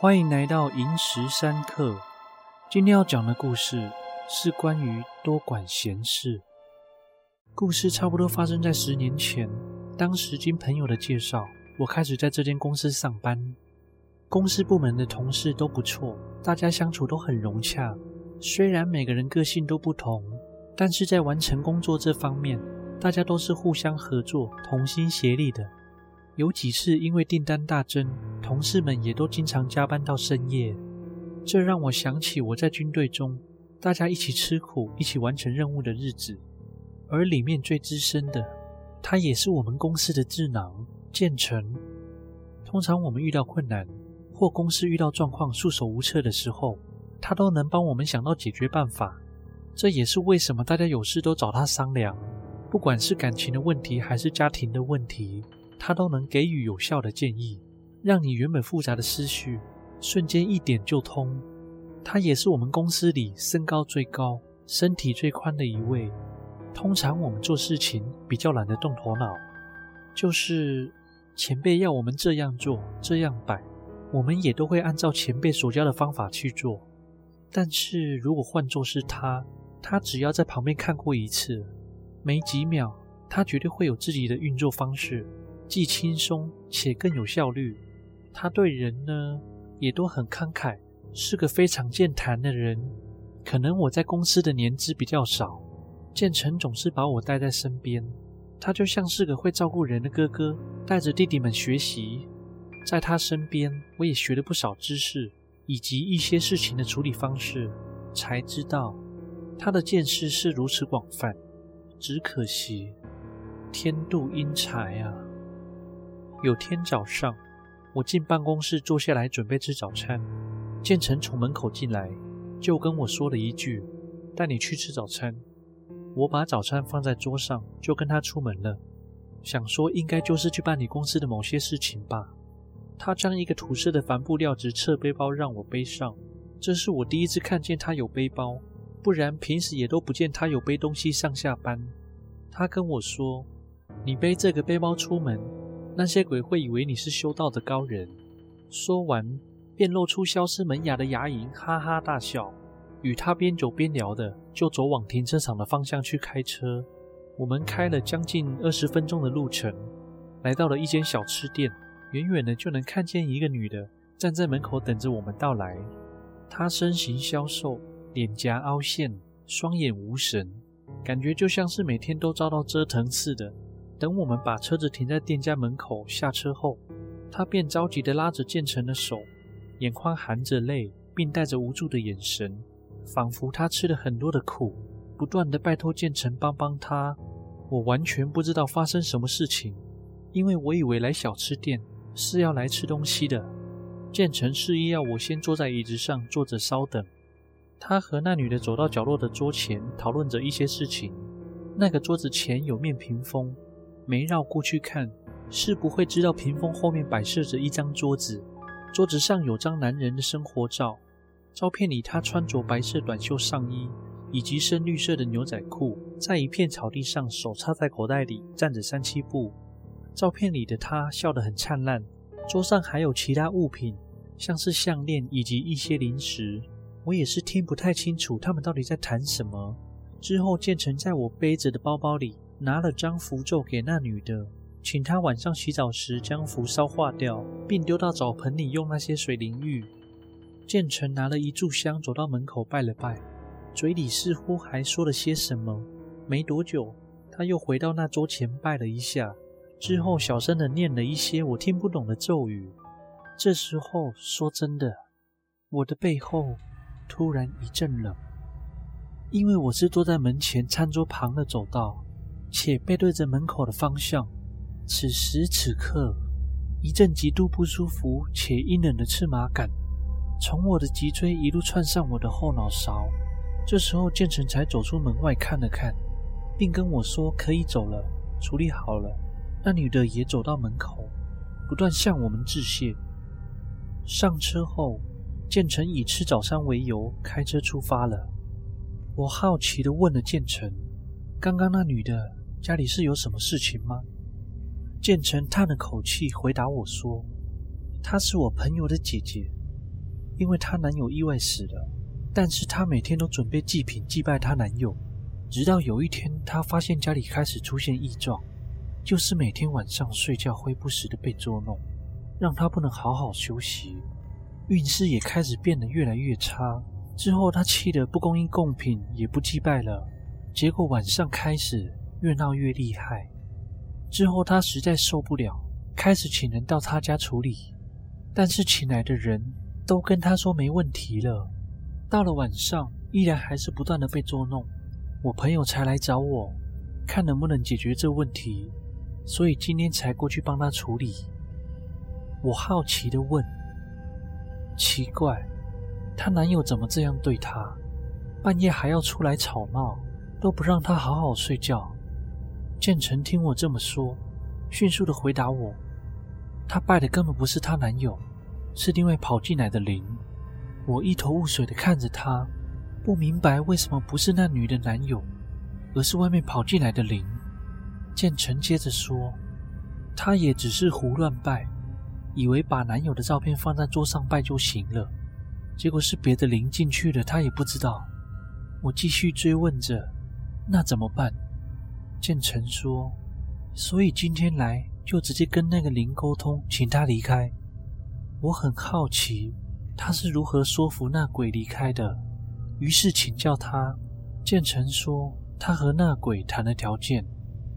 歡迎來到《螢石三刻》，今天要講的故事是關於多管閒事。故事差不多發生在十年前。當時經朋友的介紹，我開始在這間公司上班。公司部門的同事都不錯，大家相處都很融洽。雖然每個人個性都不同，但是在完成工作這方面，大家都是互相合作、同心協力的。有幾次因為訂單大增，同事們也都經常加班到深夜。這讓我想起我在軍隊中，大家一起吃苦、一起完成任務的日子。而裡面最資深的，他也是我們公司的智囊，建成。通常我們遇到困難，或公司遇到狀況束手無策的時候，他都能幫我們想到解決辦法。這也是為什麼大家有事都找他商量，不管是感情的問題還是家庭的問題。他都能給予有效的建議，讓你原本複雜的思緒瞬間一點就通。他也是我們公司裡身高最高、身體最寬的一位。通常我們做事情比較懶得動頭腦，就是前輩要我們這樣做、這樣擺，我們也都會按照前輩所教的方法去做。但是如果換作是他，他只要在旁邊看過一次，沒幾秒，他絕對會有自己的運作方式。既輕鬆且更有效率，他對人呢也都很慷慨，是個非常健談的人。可能我在公司的年資比較少，建成總是把我帶在身邊，他就像是個會照顧人的哥哥，帶着弟弟們學習。在他身邊，我也學了不少知識，以及一些事情的處理方式，才知道他的見識是如此廣泛。只可惜天妒英才啊！有天早上，我進辦公室坐下來準備吃早餐，建成從門口進來，就跟我說了一句：“帶你去吃早餐。”我把早餐放在桌上，就跟他出門了。想說應該就是去辦理公司的某些事情吧。他將一個土色的帆布料製側背包讓我背上，這是我第一次看見他有背包，不然平時也都不見他有背東西上下班。他跟我說：“你背這個背包出門。”那些鬼會以為你是修道的高人。說完，便露出消失門牙的牙齦，哈哈大笑。與他邊走邊聊的，就走往停車場的方向去開車。我們開了將近二十分鐘的路程，來到了一間小吃店，遠遠的就能看見一個女的站在門口等着我們到來。她身形消瘦，臉頰凹陷，雙眼無神，感覺就像是每天都遭到折騰似的。等我們把車子停在店家門口下車後，他便着急地拉着建成的手，眼眶含着淚，並帶着無助的眼神，仿佛他吃了很多的苦，不斷地拜託建成幫幫他。我完全不知道發生什麼事情，因為我以為來小吃店是要來吃東西的。建成示意要我先坐在椅子上坐着稍等，他和那女的走到角落的桌前討論着一些事情。那個桌子前有面屏風。沒繞過去看，是不會知道屏風後面擺設着一張桌子，桌子上有張男人的生活照，照片裡他穿着白色短袖上衣以及深綠色的牛仔褲，在一片草地上，手插在口袋裡，站着三七步。照片裡的他笑得很燦爛。桌上還有其他物品，像是項鏈以及一些零食。我也是聽不太清楚他們到底在談什麼。之後建成在我背着的包包裡。拿了張符咒給那女的，請她晚上洗澡時將符燒化掉，並丟到澡盆裡用那些水淋浴。建成拿了一炷香，走到門口拜了拜，嘴裡似乎還說了些什麼。沒多久，他又回到那桌前拜了一下，之後小聲的念了一些我聽不懂的咒語。這時候，說真的，我的背後突然一陣冷，因為我是坐在門前餐桌旁的走道。且背對着門口的方向，此時此刻，一陣極度不舒服且陰冷的刺麻感從我的脊椎一路竄上我的後腦勺。這時候，建成才走出門外看了看，並跟我說：“可以走了，處理好了。”那女的也走到門口，不斷向我們致謝。上車後，建成以吃早餐為由開車出發了。我好奇地問了建成：“剛剛那女的？”家裡是有什麼事情嗎？建成嘆了口氣，回答我說：“她是我朋友的姐姐，因為她男友意外死了，但是她每天都準備祭品祭拜她男友。直到有一天，她發現家裡開始出現異狀，就是每天晚上睡覺會不時的被捉弄，讓她不能好好休息，運勢也開始變得越來越差。之後她氣得不供應貢品也不祭拜了，結果晚上開始。”越鬧越厲害，之後他實在受不了，開始請人到他家處理，但是請來的人都跟他說沒問題了。到了晚上依然還是不斷的被捉弄，我朋友才來找我看能不能解決這問題，所以今天才過去幫他處理。我好奇的問：奇怪，她男友怎麼這樣對她？半夜還要出來吵鬧，都不讓她好好睡覺。建成聽我這麼說，迅速地回答我：“他拜的根本不是他男友，是另外跑進來的靈。”我一頭霧水地看着他，不明白為什麼不是那女的男友，而是外面跑進來的靈。建成接着說：“他也只是胡亂拜，以為把男友的照片放在桌上拜就行了，結果是別的靈進去了，他也不知道。”我繼續追問着：“那怎麼辦？”建成說：“所以今天來就直接跟那個靈溝通，請他離開。我很好奇他是如何說服那鬼離開的，於是請教他。建成說他和那鬼談了條件，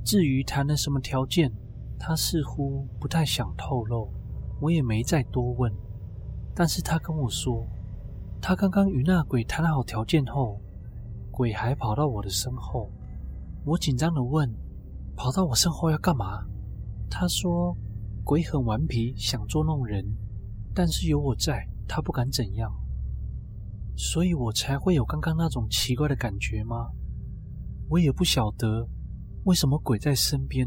至於談了什麼條件，他似乎不太想透露，我也沒再多問。但是他跟我說，他剛剛與那鬼談好條件後，鬼還跑到我的身後。”我緊張地問：“跑到我身後要幹嘛？”他說：“鬼很頑皮，想捉弄人，但是有我在，他不敢怎樣。所以我才會有剛剛那種奇怪的感覺嗎？”我也不曉得為什麼鬼在身邊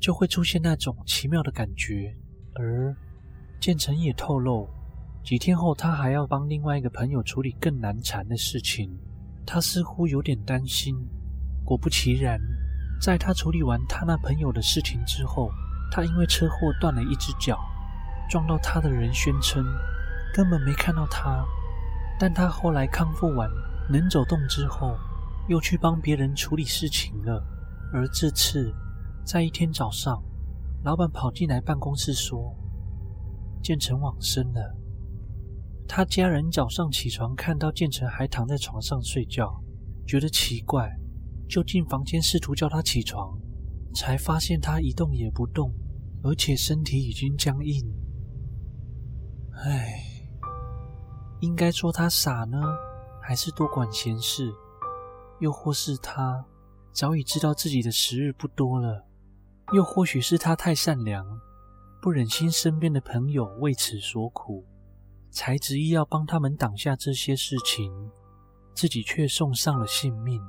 就會出現那種奇妙的感覺。而建成也透露，幾天後他還要幫另外一個朋友處理更難纏的事情，他似乎有點擔心。果不其然，在他處理完他那朋友的事情之後，他因為車禍斷了一隻腳。撞到他的人宣稱，根本沒看到他。但他後來康復完，能走動之後，又去幫別人處理事情了。而這次，在一天早上，老闆跑進來辦公室說：“建成往生了。”他家人早上起床看到建成還躺在床上睡覺，覺得奇怪。就進房間，試圖叫他起床，才發現他一動也不動，而且身體已經僵硬。唉，應該說他傻呢，還是多管閒事？又或是他早已知道自己的時日不多了？又或許是他太善良，不忍心身邊的朋友為此所苦，才執意要幫他們擋下這些事情，自己卻送上了性命。